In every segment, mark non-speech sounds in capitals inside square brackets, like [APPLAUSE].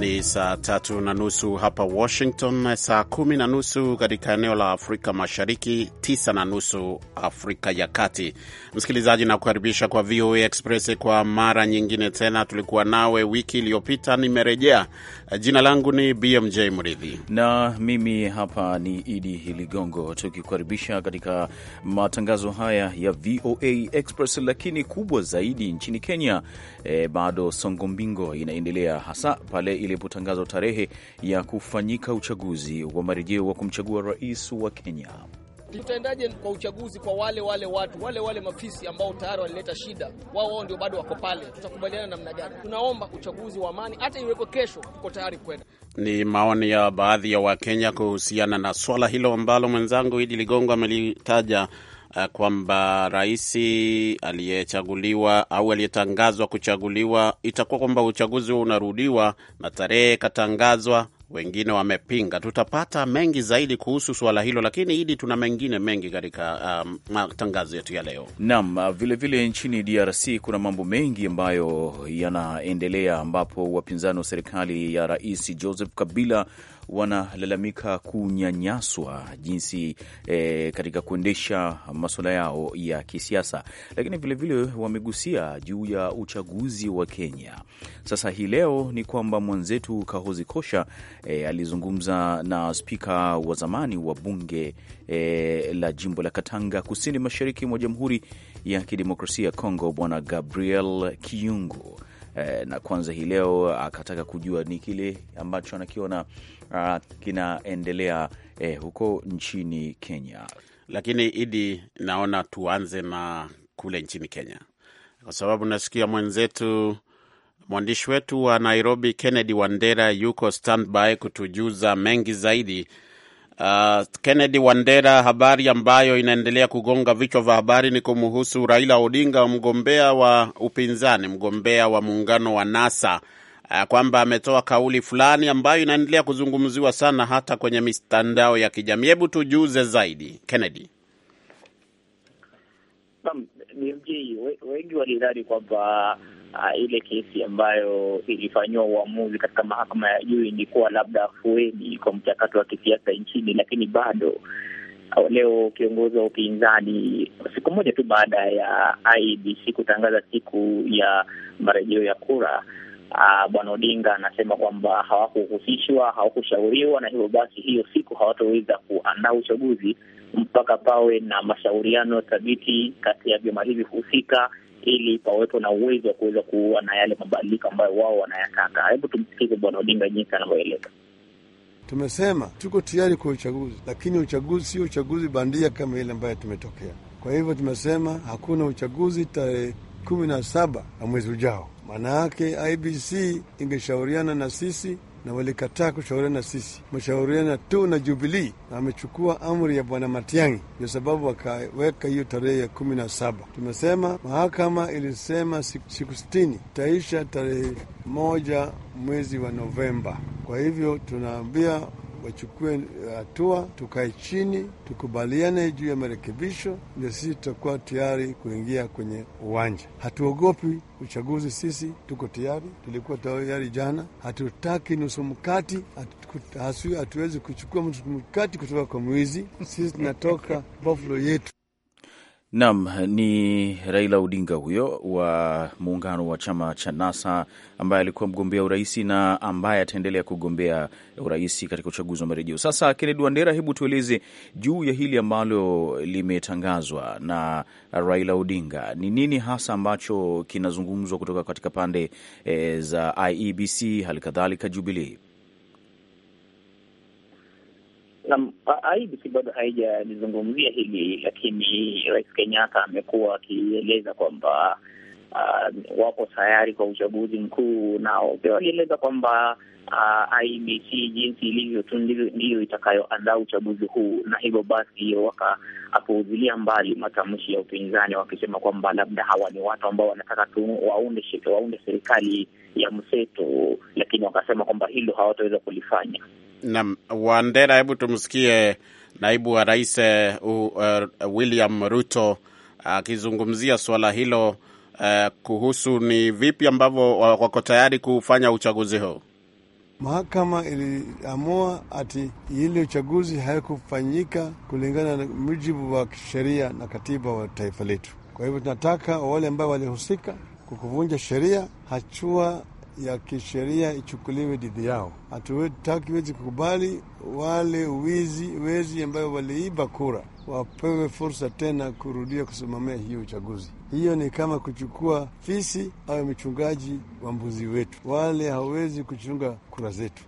Ni saa tatu na nusu hapa Washington, saa kumi na nusu katika eneo la Afrika Mashariki, tisa na nusu Afrika ya Kati. Msikilizaji, nakukaribisha kwa VOA Express kwa mara nyingine tena. Tulikuwa nawe wiki iliyopita, nimerejea. Jina langu ni BMJ Mridhi na mimi hapa ni Idi Ligongo, tukikukaribisha katika matangazo haya ya VOA Express. Lakini kubwa zaidi nchini Kenya, eh, bado songo mbingo inaendelea hasa pale ilipotangazwa tarehe ya kufanyika uchaguzi wa marejeo wa kumchagua rais wa Kenya. Tutaendaje kwa uchaguzi kwa wale wale watu wale wale mafisi ambao tayari walileta shida, wao wao ndio bado wako pale? Tutakubaliana namna gani? Tunaomba uchaguzi wa amani, hata iweko kesho, tuko tayari kwenda. Ni maoni ya baadhi ya Wakenya kuhusiana na swala hilo ambalo mwenzangu Idi Ligongo amelitaja Eh, kwamba rais aliyechaguliwa au aliyetangazwa kuchaguliwa itakuwa kwamba uchaguzi huo unarudiwa na tarehe ikatangazwa. Wengine wamepinga. Tutapata mengi zaidi kuhusu suala hilo, lakini hili tuna mengine mengi katika um, matangazo yetu ya leo naam. Vilevile uh, nchini DRC kuna mambo mengi ambayo yanaendelea, ambapo wapinzani wa serikali ya rais Joseph Kabila wanalalamika kunyanyaswa jinsi e, katika kuendesha masuala yao ya kisiasa, lakini vilevile wamegusia juu ya uchaguzi wa Kenya. Sasa hii leo ni kwamba mwenzetu Kahozi Kosha e, alizungumza na spika wa zamani wa bunge e, la jimbo la Katanga kusini mashariki mwa Jamhuri ya Kidemokrasia ya Kongo, Bwana Gabriel Kiyungu Eh, na kwanza hii leo akataka kujua ni kile ambacho anakiona ah, kinaendelea eh, huko nchini Kenya. Lakini Idi, naona tuanze na kule nchini Kenya kwa sababu nasikia mwenzetu mwandishi wetu wa Nairobi Kennedy Wandera yuko standby kutujuza mengi zaidi Uh, Kennedy Wandera, habari ambayo inaendelea kugonga vichwa vya habari ni kumhusu Raila Odinga, mgombea wa upinzani, mgombea wa muungano wa NASA, uh, kwamba ametoa kauli fulani ambayo inaendelea kuzungumziwa sana hata kwenye mitandao ya kijamii. Hebu tujuze zaidi Kennedy. Wengi walidhani kwamba uh, ile kesi ambayo ilifanyiwa uamuzi katika mahakama ya juu ilikuwa labda afueni kwa mchakato wa kisiasa nchini, lakini bado ah, leo kiongozi wa upinzani siku moja tu baada ya IEBC kutangaza siku ya marejeo ya kura Uh, Bwana Odinga anasema kwamba hawakuhusishwa, hawakushauriwa na hivyo basi hiyo siku hawatoweza kuandaa uchaguzi mpaka pawe na mashauriano thabiti kati ya vyama hivi husika ili pawepo na uwezo wa kuweza kuwa na yale mabadiliko ambayo wao wanayataka. Hebu tumsikize Bwana Odinga jinsi anavyoeleza. Tumesema tuko tayari kwa uchaguzi, lakini uchaguzi sio uchaguzi bandia kama ile ambayo tumetokea. Kwa hivyo tumesema hakuna uchaguzi tarehe kumi na saba ya mwezi ujao. Maana yake IBC ingeshauriana na sisi na walikataa kushauriana sisi, mashauriana tu na Jubilii, na amechukua amri ya Bwana Matiang'i, ndio sababu wakaweka hiyo tarehe ya kumi na saba. Tumesema mahakama ilisema siku sitini itaisha tarehe moja mwezi wa Novemba. Kwa hivyo tunaambia wachukue eh, hatua, tukae chini, tukubaliane juu ya marekebisho, ndio sisi tutakuwa tayari kuingia kwenye uwanja. Hatuogopi uchaguzi, sisi tuko tayari, tulikuwa tayari jana. Hatutaki nusu mkati, hatuwezi kuchukua nusu mkati kutoka kwa mwizi. Sisi tunatoka Buffalo yetu. Nam ni Raila Odinga huyo wa muungano wa chama cha NASA ambaye alikuwa mgombea urais na ambaye ataendelea kugombea urais katika uchaguzi wa marejeo. Sasa Kennedy Wandera, hebu tueleze juu ya hili ambalo limetangazwa na Raila Odinga, ni nini hasa ambacho kinazungumzwa kutoka katika pande eh, e, za IEBC hali kadhalika Jubilee? Naam, si bado haijalizungumzia hili, lakini Rais Kenyatta amekuwa akieleza kwamba uh, wapo tayari kwa uchaguzi mkuu, nao pia walieleza kwamba uh, IBC jinsi ilivyo tu ndiyo itakayoandaa uchaguzi huu, na hivyo basi wakaapuuzilia mbali matamshi ya upinzani wakisema kwamba labda hawa ni watu ambao wanataka tu waunde, waunde serikali ya mseto, lakini wakasema kwamba hilo hawataweza kulifanya. Naam, Wandera, hebu tumsikie naibu wa rais uh, uh, William Ruto akizungumzia uh, suala hilo uh, kuhusu ni vipi ambavyo wako tayari kufanya uchaguzi huu. Mahakama iliamua ati ile uchaguzi haikufanyika kulingana na mujibu wa sheria na katiba wa taifa letu. Kwa hivyo tunataka wale ambao walihusika kwa kuvunja sheria, hatua ya kisheria ichukuliwe dhidi yao. hatutaki wezi kukubali wale wizi wezi ambayo waliiba kura wapewe fursa tena kurudia kusimamia hiyo uchaguzi. Hiyo ni kama kuchukua fisi au mchungaji wa mbuzi wetu, wale hawezi kuchunga kura zetu.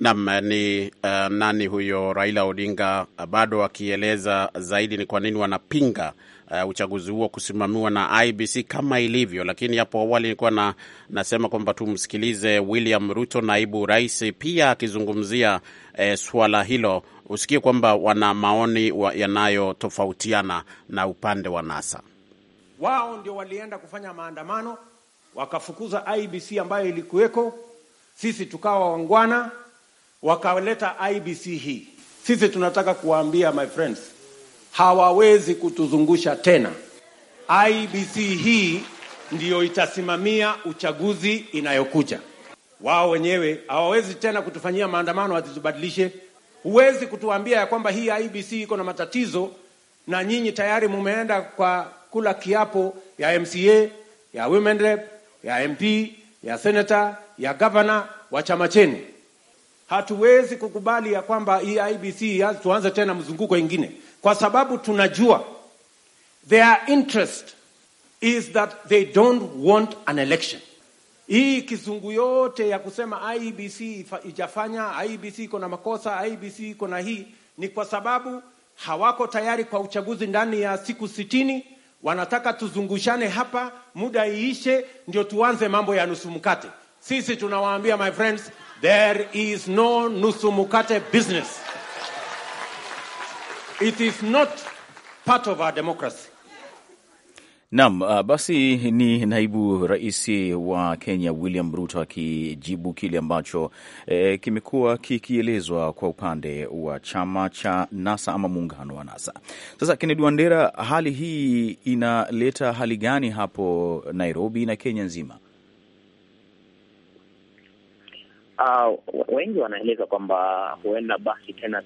Nam ni uh, nani huyo? Raila Odinga eh, bado akieleza zaidi ni kwa nini wanapinga uh, uchaguzi huo kusimamiwa na IBC kama ilivyo. Lakini hapo awali nilikuwa na, nasema kwamba tumsikilize William Ruto, naibu rais, pia akizungumzia uh, eh, suala hilo. Usikie kwamba wana maoni wa yanayotofautiana na upande wa NASA. Wao ndio walienda kufanya maandamano wakafukuza IBC ambayo ilikuweko, sisi tukawa wangwana, wakaleta IBC hii. Sisi tunataka kuwaambia my friends hawawezi kutuzungusha tena. IBC hii ndiyo itasimamia uchaguzi inayokuja. Wao wenyewe hawawezi tena kutufanyia maandamano watutubadilishe. Huwezi kutuambia ya kwamba hii IBC iko na matatizo na nyinyi tayari mumeenda kwa kula kiapo ya MCA ya women rep ya MP ya senator ya governor wa chama chenu. Hatuwezi kukubali ya kwamba hii IBC tuanze tena mzunguko ingine kwa sababu tunajua their interest is that they don't want an election. Hii kizungu yote ya kusema IBC ijafanya, IBC iko na makosa, IBC iko na hii, ni kwa sababu hawako tayari kwa uchaguzi ndani ya siku sitini. Wanataka tuzungushane hapa, muda iishe, ndio tuanze mambo ya nusu mkate. Sisi tunawaambia my friends, there is no nusu mkate business. It is not part of our democracy. Naam, uh, basi ni naibu rais wa Kenya William Ruto akijibu kile ambacho e, kimekuwa kikielezwa kwa upande wa chama cha NASA ama muungano wa NASA. Sasa Kennedy Wandera, hali hii inaleta hali gani hapo Nairobi na Kenya nzima? Uh, wengi wanaeleza kwamba huenda basi tena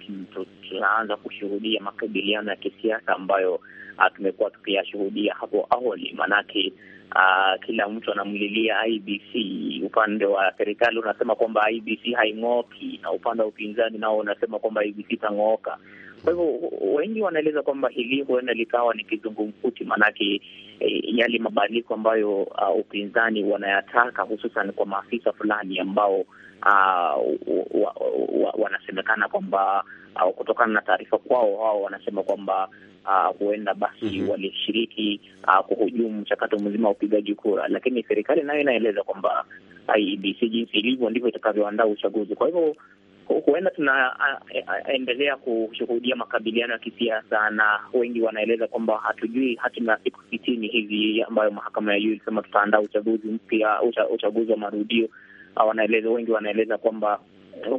tunaanza kushuhudia makabiliano ya kisiasa ambayo uh, tumekuwa tukiyashuhudia hapo awali, maanake uh, ah, kila mtu anamlilia IBC. Upande wa serikali unasema kwamba IBC haing'ooki na upande wa upinzani nao unasema kwamba IBC itang'ooka. Kwa hivyo wengi wanaeleza kwamba hili huenda likawa ni kizungumkuti, maanake e, yale mabadiliko ambayo uh, upinzani wanayataka hususan kwa maafisa fulani ambao uh, wanasemekana kwamba uh, kutokana na taarifa kwao wao wanasema kwamba uh, huenda basi mm -hmm. walishiriki uh, kuhujumu mchakato mzima wa upigaji kura, lakini serikali nayo inaeleza kwamba uh, IEBC jinsi ilivyo ndivyo itakavyoandaa uchaguzi. Kwa hivyo huenda tunaendelea uh, kushuhudia makabiliano ya kisiasa, na wengi wanaeleza kwamba hatujui hatima siku sitini hizi ambayo mahakama ya juu ilisema tutaandaa uchaguzi mpya, uchaguzi wa marudio Ah, wanaeleza wengi wanaeleza kwamba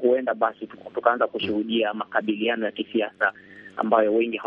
huenda basi tukaanza kushuhudia makabiliano ya kisiasa ambayo wengi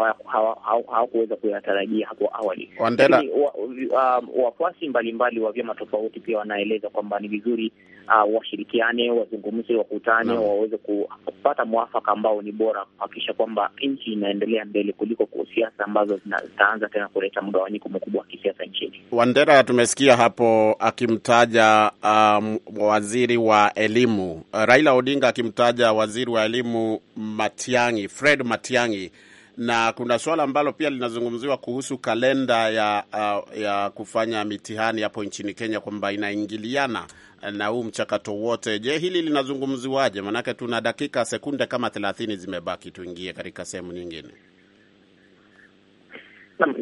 hawakuweza kuyatarajia hapo awali. Um, wafuasi mbalimbali wa vyama tofauti pia wanaeleza kwamba ni vizuri uh, washirikiane, wazungumze, wakutane, waweze kupata mwafaka ambao ni bora kuhakikisha kwamba nchi inaendelea mbele kuliko siasa ambazo zitaanza tena kuleta mgawanyiko mkubwa wa kisiasa nchini. Wandera, tumesikia hapo akimtaja um, waziri wa elimu Raila Odinga akimtaja waziri wa elimu Matiang'i, Fred Matiang'i na kuna suala ambalo pia linazungumziwa kuhusu kalenda ya, uh, ya kufanya mitihani hapo nchini Kenya kwamba inaingiliana uh, na huu mchakato wote. Je, hili linazungumziwaje? Maanake tuna dakika sekunde kama thelathini zimebaki, tuingie katika sehemu nyingine.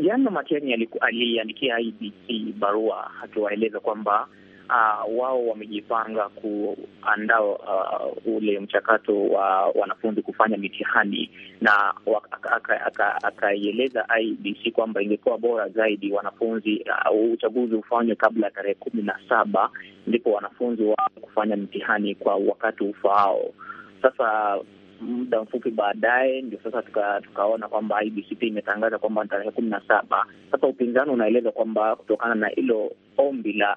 Jana Matiang'i aliandikia IBC barua akiwaeleza kwamba uh, wao wamejipanga kuandaa uh, ule mchakato wa wanafunzi kufanya mitihani, na akaieleza IBC kwamba ingekuwa bora zaidi wanafunzi uh, uchaguzi ufanywe kabla ya tarehe kumi na saba ndipo wanafunzi wa kufanya mtihani kwa wakati ufaao. Sasa muda mfupi baadaye ndio sasa tuka, tukaona kwamba IBC pia imetangaza kwamba ni tarehe kumi na saba. Sasa upinzani unaeleza kwamba kutokana na hilo ombi la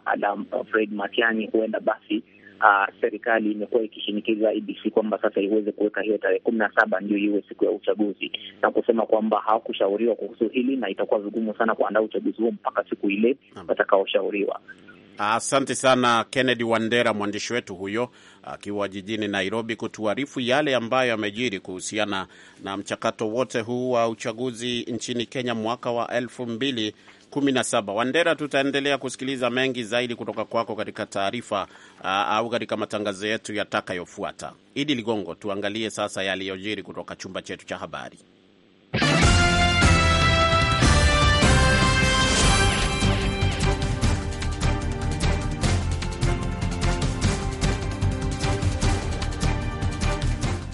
uh, Fred Matiang'i huenda basi uh, serikali imekuwa ikishinikiza IBC kwamba sasa iweze kuweka hiyo tarehe kumi na saba ndio iwe siku ya uchaguzi, na kusema kwamba hawakushauriwa kuhusu hili na itakuwa vigumu sana kuandaa uchaguzi huo mpaka siku ile watakaoshauriwa. Asante sana Kennedy Wandera, mwandishi wetu huyo akiwa jijini Nairobi, kutuarifu yale ambayo yamejiri kuhusiana na mchakato wote huu wa uchaguzi nchini Kenya mwaka wa elfu mbili Wandera, tutaendelea kusikiliza mengi zaidi kutoka kwako katika taarifa au katika matangazo yetu yatakayofuata. Idi Ligongo, tuangalie sasa yaliyojiri kutoka chumba chetu cha habari.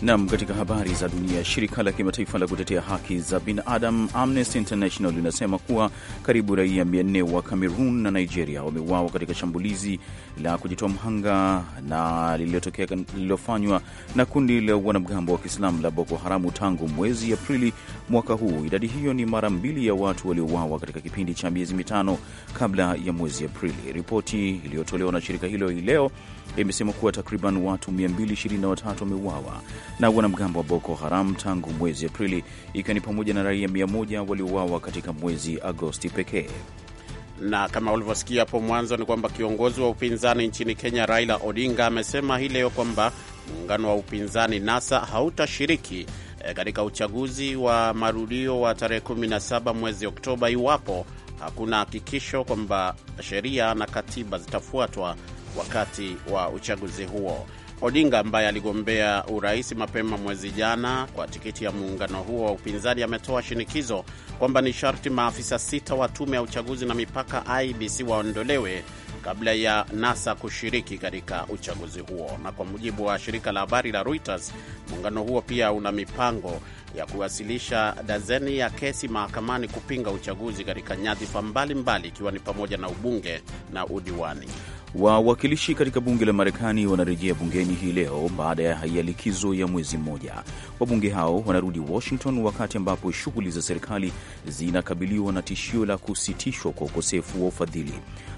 Nam, katika habari za dunia, shirika la kimataifa la kutetea haki za binadamu Amnesty International linasema kuwa karibu raia 400 wa Cameroon na Nigeria wameuawa katika shambulizi la kujitoa mhanga na lililotokea lililofanywa na kundi la wanamgambo wa Kiislamu la Boko Haramu tangu mwezi Aprili mwaka huu. Idadi hiyo ni mara mbili ya watu waliouawa katika kipindi cha miezi mitano kabla ya mwezi Aprili. Ripoti iliyotolewa na shirika hilo hii leo imesema kuwa takriban watu 223 wameuawa na wanamgambo wa Boko Haram tangu mwezi Aprili, ikiwa ni pamoja na raia mia moja waliouawa katika mwezi Agosti pekee. Na kama ulivyosikia hapo mwanzo, ni kwamba kiongozi wa upinzani nchini Kenya Raila Odinga amesema hii leo kwamba muungano wa upinzani NASA hautashiriki eh, katika uchaguzi wa marudio wa tarehe 17 mwezi Oktoba iwapo hakuna hakikisho kwamba sheria na katiba zitafuatwa wakati wa uchaguzi huo. Odinga ambaye aligombea urais mapema mwezi jana kwa tikiti ya muungano huo wa upinzani ametoa shinikizo kwamba ni sharti maafisa sita wa tume ya uchaguzi na mipaka IBC waondolewe kabla ya NASA kushiriki katika uchaguzi huo. Na kwa mujibu wa shirika la habari la Reuters, muungano huo pia una mipango ya kuwasilisha dazeni ya kesi mahakamani kupinga uchaguzi katika nyadhifa mbalimbali, ikiwa ni pamoja na ubunge na udiwani. Wawakilishi katika bunge la Marekani wanarejea bungeni hii leo baada ya likizo ya mwezi mmoja. Wabunge hao wanarudi Washington wakati ambapo shughuli za serikali zinakabiliwa na tishio la kusitishwa kwa ukosefu wa ufadhili.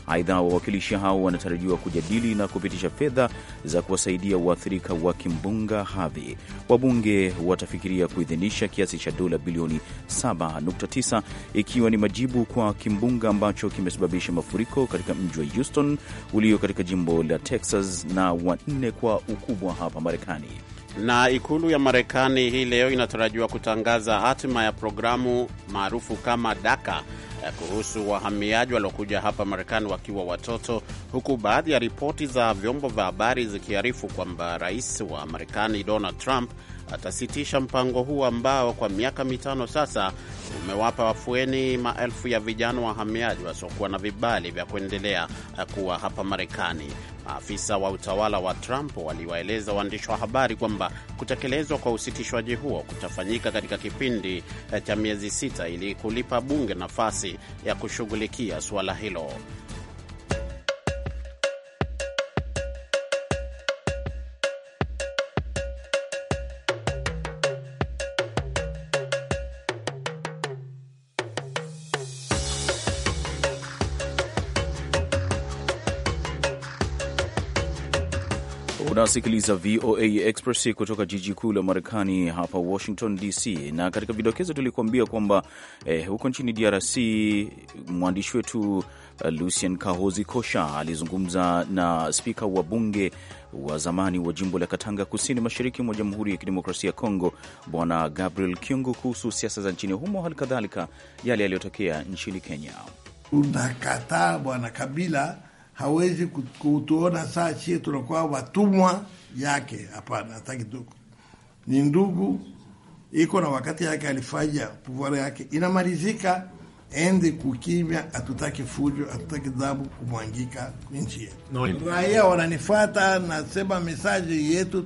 Aidha, wawakilishi hao wanatarajiwa kujadili na kupitisha fedha za kuwasaidia waathirika wa kimbunga Harvey. Wabunge watafikiria kuidhinisha kiasi cha dola bilioni 7.9 ikiwa ni majibu kwa kimbunga ambacho kimesababisha mafuriko katika mji wa Houston ulio katika jimbo la Texas na wanne kwa ukubwa hapa Marekani. Na ikulu ya Marekani hii leo inatarajiwa kutangaza hatima ya programu maarufu kama DACA kuhusu wahamiaji waliokuja hapa Marekani wakiwa watoto, huku baadhi ya ripoti za vyombo vya habari zikiarifu kwamba rais wa Marekani Donald Trump atasitisha mpango huu ambao kwa miaka mitano sasa umewapa wafueni maelfu ya vijana wahamiaji wasiokuwa na vibali vya kuendelea kuwa hapa Marekani. Maafisa wa utawala wa Trump waliwaeleza waandishi wa habari kwamba kutekelezwa kwa usitishwaji huo kutafanyika katika kipindi cha miezi sita ili kulipa bunge nafasi ya kushughulikia suala hilo. unasikiliza VOA Express kutoka jiji kuu la Marekani hapa Washington DC, na katika vidokezo tulikuambia kwamba eh, huko nchini DRC mwandishi wetu eh, Lucien Kahozi Kosha alizungumza na spika wa bunge wa zamani wa jimbo la Katanga kusini mashariki mwa Jamhuri ya Kidemokrasia ya Kongo Bwana Gabriel Kyungu kuhusu siasa za nchini humo, hali kadhalika yale yaliyotokea nchini Kenya. Unakataa Bwana Kabila hawezi kutuona saa chie tunakuwa watumwa yake. Hapana, hataki tuko ni ndugu, iko na wakati yake, alifanya puvara yake inamalizika, ende kukimya. Hatutaki fujo, hatutaki dhabu kumwangika nchi yetu. Raia wananifata, nasema mesaji yetu,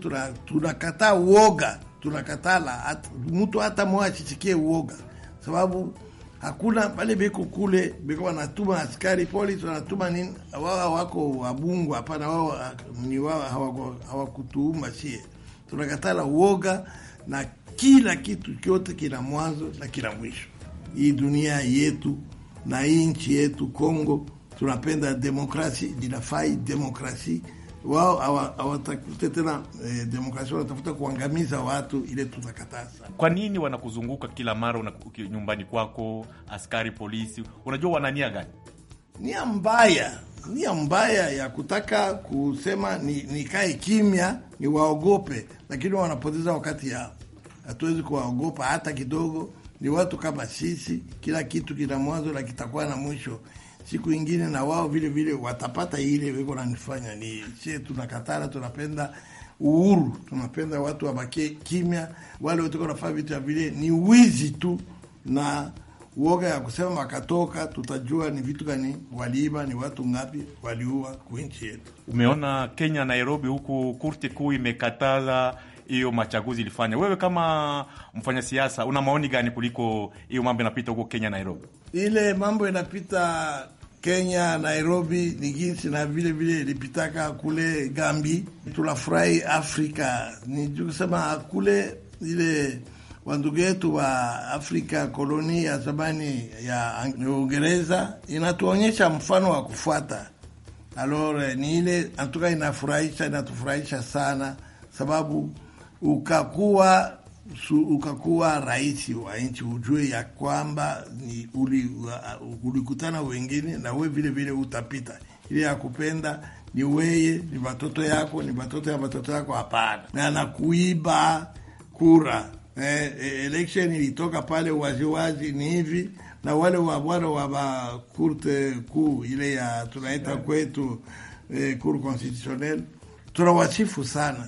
tunakataa tuna uoga, tunakatala mtu hata moja asisikie uoga sababu hakuna pale beko kule beko wanatuma askari polisi wanatuma nini, wao hawako wabungwa Hapana, wao ah, ni wao, hawakutuuma sie. Tunakatala uoga na kila kitu chote kina mwanzo na kila mwisho. Hii dunia yetu na hii nchi yetu Kongo tunapenda demokrasi, linafai demokrasi wao hawatafuti tena eh, demokrasia, wanatafuta kuangamiza watu, ile tutakataza. Kwa nini wanakuzunguka kila mara una, nyumbani kwako, askari polisi? Unajua wana nia gani? Nia mbaya, nia mbaya ya kutaka kusema nikae ni kimya, niwaogope, lakini wanapoteza wakati yao. Hatuwezi kuwaogopa hata kidogo. Ni watu kama sisi, kila kitu kina mwanzo na kitakuwa na mwisho siku ingine na wao vile vile watapata ile weko nanifanya ni che, tunakatara tunapenda uhuru, tunapenda watu wabakie kimya. Wale wote wanafanya vitu ya vile ni wizi tu na uoga ya kusema makatoka, tutajua ni vitu gani waliiba, ni watu ngapi waliua kuinchi yetu. Umeona Kenya, Nairobi huku kurti kuu imekatala hiyo machaguzi ilifanya. Wewe kama mfanya siasa, una maoni gani kuliko hiyo mambo inapita huko Kenya, Nairobi? Ile mambo inapita Kenya, Nairobi ni jinsi na vile vile ilipitaka kule Gambi. Tunafurahi Afrika ni kusema kule ile wandugu yetu wa Afrika koloni ya zamani ya Uingereza inatuonyesha mfano wa kufuata. Alore ni ile antuka inafurahisha, inatufurahisha sana sababu ukakuwa su, ukakuwa rais wa nchi, ujue ya kwamba ni uh, ulikutana wengine na we vile vile utapita. ili ya kupenda ni weye, ni watoto yako, ni watoto ya watoto yako, hapana na nakuiba kura. Eh, e, election ilitoka pale waziwazi ni hivi, na wale wabwana wa makurte kuu ile ya tunaita kwetu eh, cour constitutionnel tunawasifu sana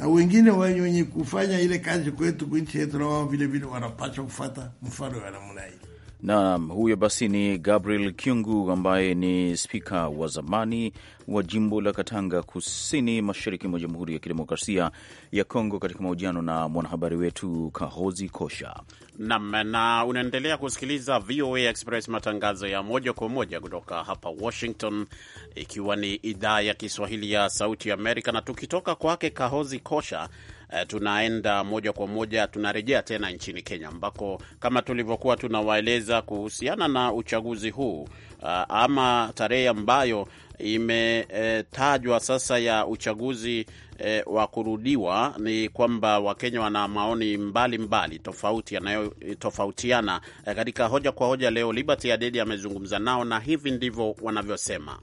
na wengine wenye kufanya ile kazi kwetu kwinchi yetu, na wao vilevile wanapaswa kufata mfano wa namna hii. Naam, huyo basi ni Gabriel Kyungu ambaye ni spika wa zamani wa jimbo la Katanga, kusini mashariki mwa Jamhuri ya Kidemokrasia ya Kongo, katika mahojiano na mwanahabari wetu Kahozi Kosha nam. Na unaendelea kusikiliza VOA Express, matangazo ya moja kwa moja kutoka hapa Washington, ikiwa ni idhaa ya Kiswahili ya Sauti ya Amerika. Na tukitoka kwake Kahozi Kosha, Uh, tunaenda moja kwa moja, tunarejea tena nchini Kenya ambako kama tulivyokuwa tunawaeleza kuhusiana na uchaguzi huu Ah, ama tarehe ambayo imetajwa e, sasa ya uchaguzi e, wa kurudiwa, ni kwamba Wakenya wana maoni mbalimbali tofauti yanayotofautiana. E, eh, katika hoja kwa hoja leo Liberty Adedi amezungumza nao na hivi ndivyo wanavyosema.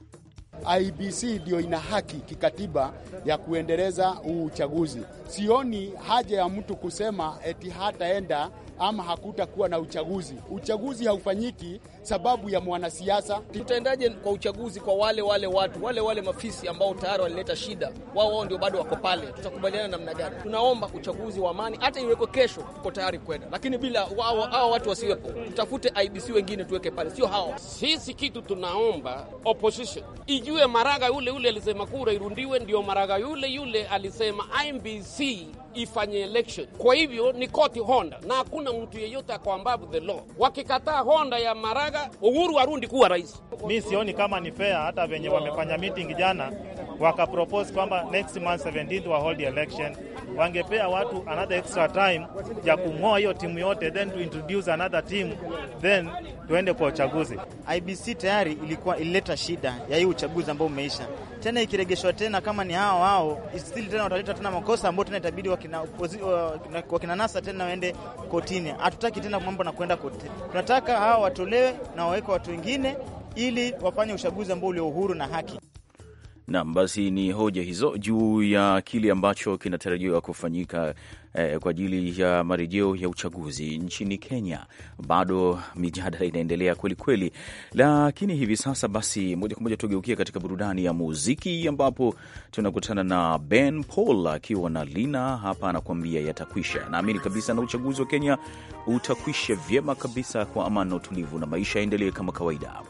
IBC ndio ina haki kikatiba ya kuendeleza huu uchaguzi. Sioni haja ya mtu kusema eti hataenda ama hakutakuwa na uchaguzi. Uchaguzi haufanyiki sababu ya mwanasiasa. Tutaendaje kwa uchaguzi kwa wale wale watu wale wale mafisi ambao tayari walileta shida, wao wao ndio bado wako pale? Tutakubaliana namna gani? Tunaomba uchaguzi wa amani, hata iwekwe kesho, tuko tayari kwenda, lakini bila hao watu wasiwepo. Tutafute IBC wengine tuweke pale, sio hao. Sisi kitu tunaomba opposition ijue maraga yule yule alisema kura irundiwe, ndio maraga yule yule alisema IBC ifanye election. Kwa hivyo ni koti Honda na hakuna mtu yeyote akwambabu the law, wakikataa Honda ya maraga kwanza Uhuru wa Rundi kuwa rais. Mi sioni kama ni fair, hata venye wamefanya meeting jana wakapropose kwamba next month 17 wa hold election, wangepea watu another extra time ya kung'oa hiyo timu yote, then to introduce another team, then tuende kwa uchaguzi. IBC tayari ilikuwa ilileta shida ya hii uchaguzi ambao umeisha tena ikiregeshwa tena kama ni hao hao still tena wataleta tena makosa ambayo tena itabidi wakina, wakina NASA tena waende kotini. Hatutaki tena mambo na kwenda kotini, tunataka hao watolewe na waweke watu wengine ili wafanye uchaguzi ambao ulio uhuru na haki. Nam, basi ni hoja hizo juu ya kile ambacho kinatarajiwa kufanyika eh, kwa ajili ya marejeo ya uchaguzi nchini Kenya. Bado mijadala inaendelea kwelikweli, lakini hivi sasa basi, moja kwa moja tugeukia katika burudani ya muziki, ambapo tunakutana na Ben Paul akiwa na Lina. Hapa anakuambia yatakwisha. Naamini kabisa na uchaguzi wa Kenya utakwisha vyema kabisa, kwa amani na utulivu, na maisha yaendelee kama kawaida.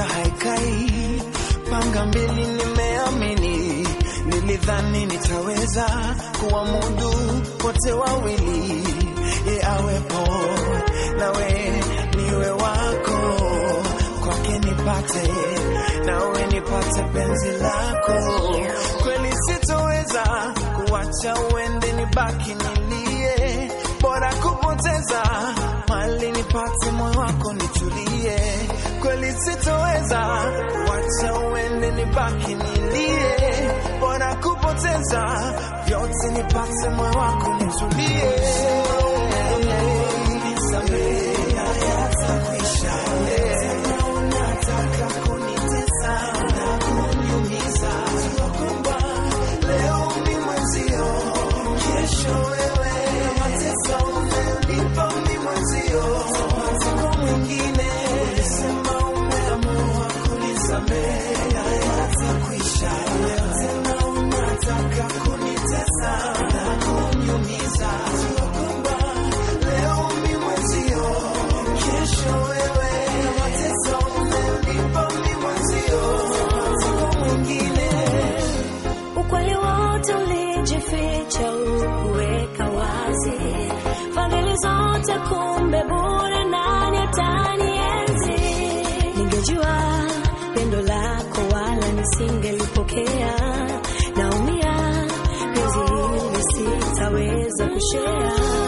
moja haikai, panga mbili nimeamini, nilidhani nitaweza kuwamudu wote wawili, ye awepo nawe niwe wako kwake, nipate nawe nipate penzi lako kweli, sitoweza kuwacha uende, nibaki nilie bora nilipoteza mali, nipate moyo wako nitulie, kweli sitoweza wacha uende, nibaki nilie, bora kupoteza vyote, nipate moyo wako nitulie. yote kumbe bure, nani atanienzi? Ningejua pendo lako wala nisingelipokea. Naumia penzi hili sitaweza kushea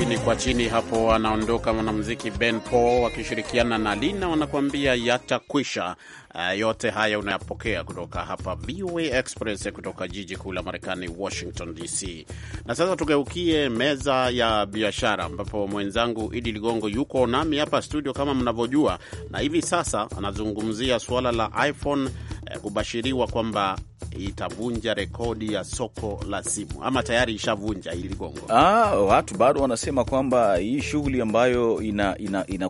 chini kwa chini hapo anaondoka mwanamuziki Ben Paul akishirikiana na Lina wanakuambia yatakwisha. Uh, yote haya unayapokea kutoka hapa VOA Express kutoka jiji kuu la Marekani, Washington DC. Na sasa tugeukie meza ya biashara, ambapo mwenzangu Idi Ligongo yuko nami hapa studio kama mnavyojua, na hivi sasa anazungumzia suala la iPhone eh, kubashiriwa kwamba itavunja rekodi ya soko la simu ama tayari ishavunja. idi Ligongo, ah, watu bado wanasema kwamba hii shughuli ambayo inakuja ina, ina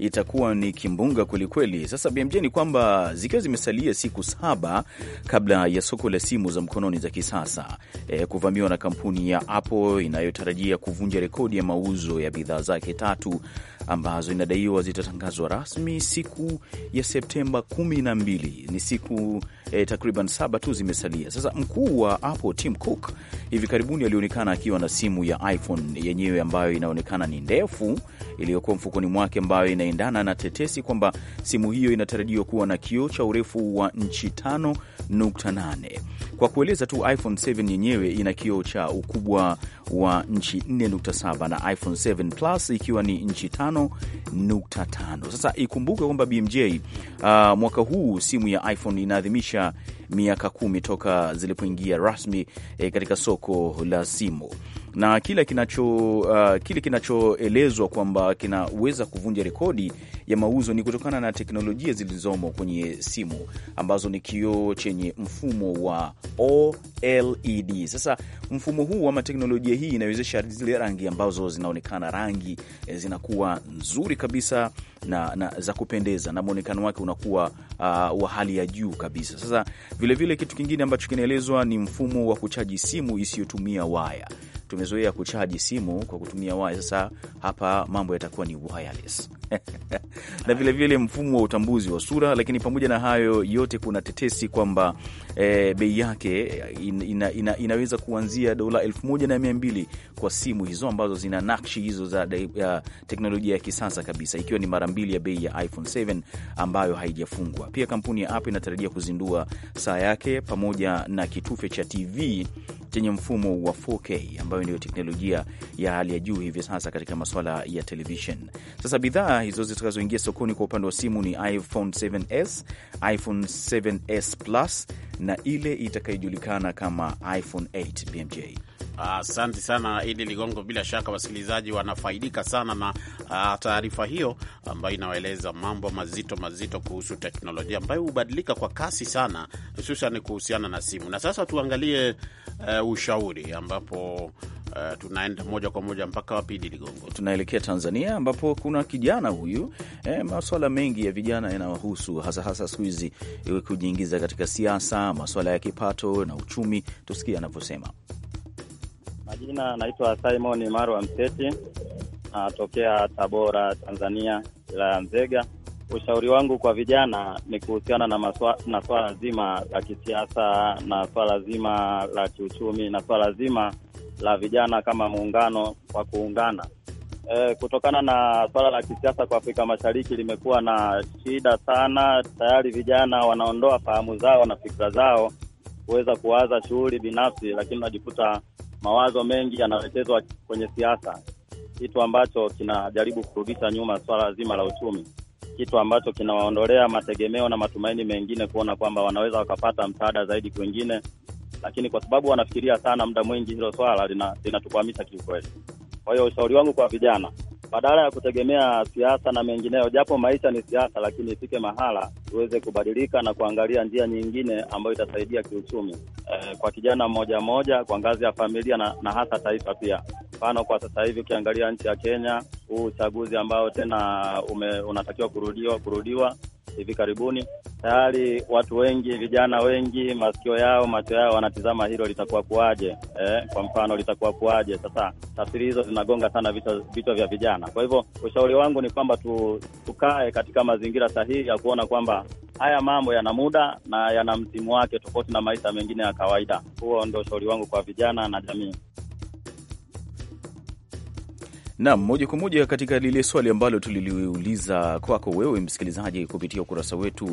itakuwa ni kimbunga kwelikweli. Sasa BMJ ni kwamba zikiwa zimesalia siku saba kabla ya soko la simu za mkononi za kisasa e, kuvamiwa na kampuni ya Apple inayotarajia kuvunja rekodi ya mauzo ya bidhaa zake tatu ambazo inadaiwa zitatangazwa rasmi siku ya Septemba 12. Ni siku e, takriban saba tu zimesalia. Sasa mkuu wa Apple Tim Cook hivi karibuni alionekana akiwa na simu ya iPhone yenyewe ambayo inaonekana ni ndefu iliyokuwa mfukoni mwake ambayo ina inaendana na tetesi kwamba simu hiyo inatarajiwa kuwa na kioo cha urefu wa nchi 5.8. Kwa kueleza tu, iPhone 7 yenyewe ina kioo cha ukubwa wa nchi 4.7 na iPhone 7 Plus ikiwa ni nchi 5.5. Sasa ikumbuke kwamba BMJ, uh, mwaka huu simu ya iPhone inaadhimisha miaka kumi toka zilipoingia rasmi eh, katika soko la simu na kile kinacho uh, kile kinachoelezwa kwamba kinaweza kuvunja rekodi ya mauzo ni kutokana na teknolojia zilizomo kwenye simu ambazo ni kioo chenye mfumo wa OLED. Sasa mfumo huu ama teknolojia hii inawezesha zile rangi ambazo zinaonekana rangi eh, zinakuwa nzuri kabisa na, na za kupendeza na mwonekano wake unakuwa uh, wa hali ya juu kabisa. Sasa vilevile vile kitu kingine ambacho kinaelezwa ni mfumo wa kuchaji simu isiyotumia waya. Tumezoea kuchaji simu kwa kutumia waya, sasa hapa mambo yatakuwa ni wireless [LAUGHS] na vilevile vile mfumo wa utambuzi wa sura. Lakini pamoja na hayo yote, kuna tetesi kwamba e, bei yake in, ina, ina, inaweza kuanzia dola elfu moja na mia mbili kwa simu hizo ambazo zina nakshi hizo za de, ya teknolojia ya kisasa kabisa, ikiwa ni mara mbili ya bei ya iPhone 7 ambayo haijafungwa. Pia kampuni ya Apple inatarajia kuzindua saa yake pamoja na kitufe cha TV chenye mfumo wa 4K ambayo ndiyo teknolojia ya hali ya juu hivi sasa katika masuala ya television. Sasa bidhaa hizo zitakazo kuingia sokoni kwa upande wa simu ni iPhone 7s, iPhone 7s plus na ile itakayojulikana kama iPhone 8 BMJ. Asante uh, sana Idi Ligongo. Bila shaka wasikilizaji wanafaidika sana na uh, taarifa hiyo ambayo inawaeleza mambo mazito mazito kuhusu teknolojia ambayo hubadilika kwa kasi sana, hususan kuhusiana na simu. Na sasa tuangalie uh, ushauri ambapo Uh, tunaenda moja kwa moja mpaka wapi Idi Ligongo? Tunaelekea Tanzania ambapo kuna kijana huyu eh, maswala mengi ya vijana yanawahusu hasa hasa siku hizi, kujiingiza katika siasa, maswala ya kipato na uchumi. Tusikie anavyosema. Majina naitwa Simon Marwa Mseti, natokea Tabora, Tanzania, wilaya ya Nzega. Ushauri wangu kwa vijana ni kuhusiana na maswa, na swala zima la kisiasa na swala zima la kiuchumi na swala zima la vijana kama muungano wa kuungana. E, kutokana na swala la kisiasa kwa Afrika Mashariki limekuwa na shida sana. Tayari vijana wanaondoa fahamu zao na fikra zao kuweza kuwaza shughuli binafsi, lakini unajikuta mawazo mengi yanawekezwa kwenye siasa, kitu ambacho kinajaribu kurudisha nyuma swala zima la uchumi, kitu ambacho kinawaondolea mategemeo na matumaini mengine, kuona kwamba wanaweza wakapata msaada zaidi kwingine, lakini kwa sababu wanafikiria sana muda mwingi, hilo swala linatukwamisha lina kiukweli. Kwa hiyo ushauri wangu kwa vijana badala ya kutegemea siasa na mengineyo, japo maisha ni siasa, lakini ifike mahala tuweze kubadilika na kuangalia njia nyingine ambayo itasaidia kiuchumi eh, kwa kijana mmoja mmoja, kwa ngazi ya familia na, na hasa taifa pia. Mfano, kwa sasa hivi ukiangalia nchi ya Kenya, huu uchaguzi ambao tena ume, unatakiwa kurudiwa kurudiwa hivi karibuni, tayari watu wengi, vijana wengi, masikio yao, macho yao wanatizama hilo litakuwa kuwaje, eh, kwa mfano litakuwa kuwaje. Sasa tafsiri hizo zinagonga sana vichwa vya vijana. Kwa hivyo ushauri wangu ni kwamba tu, tukae katika mazingira sahihi ya kuona kwamba haya mambo yana muda na yana msimu wake, tofauti na maisha mengine ya kawaida. Huo ndio ushauri wangu kwa vijana na jamii. Nam, moja kwa moja katika lile swali ambalo tuliliuliza kwako wewe msikilizaji kupitia ukurasa wetu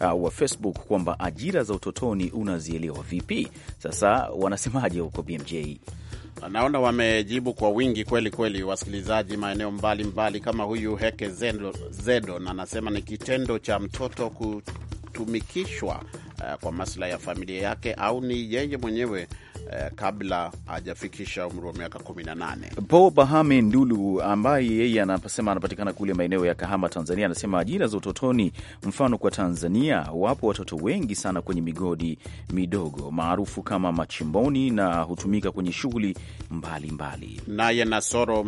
uh, wa Facebook kwamba ajira za utotoni unazielewa vipi? Sasa wanasemaje huko BMJ? Naona wamejibu kwa wingi kweli kweli, wasikilizaji maeneo mbalimbali mbali, kama huyu Heke Zedon anasema ni kitendo cha mtoto kutumikishwa Eh, kwa maslahi ya familia yake au ni yeye mwenyewe eh, kabla hajafikisha umri wa miaka 18. po Bahame Ndulu ambaye yeye anasema anapatikana kule maeneo ya Kahama, Tanzania, anasema ajira za utotoni, mfano kwa Tanzania wapo watoto wengi sana kwenye migodi midogo maarufu kama machimboni na hutumika kwenye shughuli mbalimbali. Naye Nasoro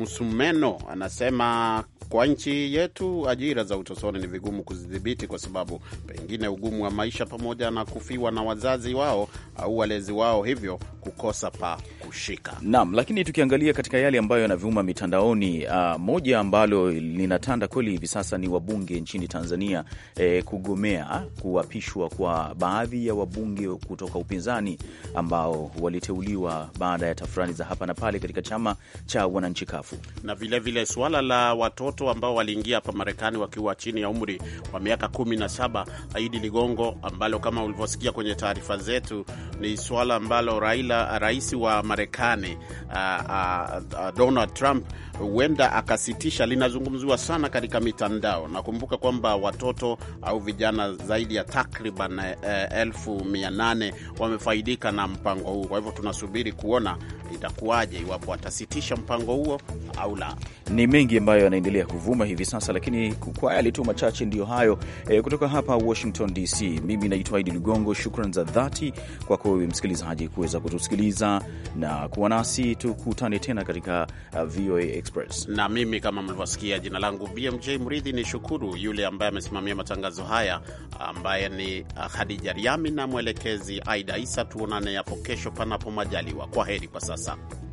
Msumeno anasema kwa nchi yetu ajira za utotoni ni vigumu kuzidhibiti kwa sababu pengine ugumu wa maisha kujificha pamoja na kufiwa na wazazi wao au walezi wao, hivyo kukosa pa kushika. Naam, lakini tukiangalia katika yale ambayo yanavyuma mitandaoni, uh, moja ambalo linatanda kweli hivi sasa ni wabunge nchini Tanzania eh, kugomea ah, kuapishwa kwa baadhi ya wabunge kutoka upinzani ambao waliteuliwa baada ya tafurani za hapa na pale katika chama cha wananchi kafu, na vilevile vile suala la watoto ambao waliingia hapa Marekani wakiwa chini ya umri wa miaka 17. Aidi Ligongo ambalo kama ulivyosikia kwenye taarifa zetu ni suala ambalo Raila, rais wa Marekani uh, uh, uh, Donald Trump huenda akasitisha, linazungumziwa sana katika mitandao. Nakumbuka kwamba watoto au vijana zaidi ya takriban eh, elfu mia nane wamefaidika na mpango huu. Kwa hivyo tunasubiri kuona itakuwaje, iwapo atasitisha mpango huo au la. Ni mengi ambayo yanaendelea kuvuma hivi sasa, lakini kwa yale tu machache ndiyo hayo E, kutoka hapa Washington DC. Mimi naitwa Idi Ligongo, shukran za dhati kwako wewe msikilizaji kuweza kutusikiliza na kuwa nasi. Tukutane tena katika eh, VOA Express. Na mimi kama mlivyosikia, jina langu BMJ Mridhi, ni shukuru yule ambaye amesimamia matangazo haya, ambaye ni uh, Khadija Riami na mwelekezi Aida Isa. Tuonane hapo kesho, panapo majaliwa. Kwa heri kwa sasa.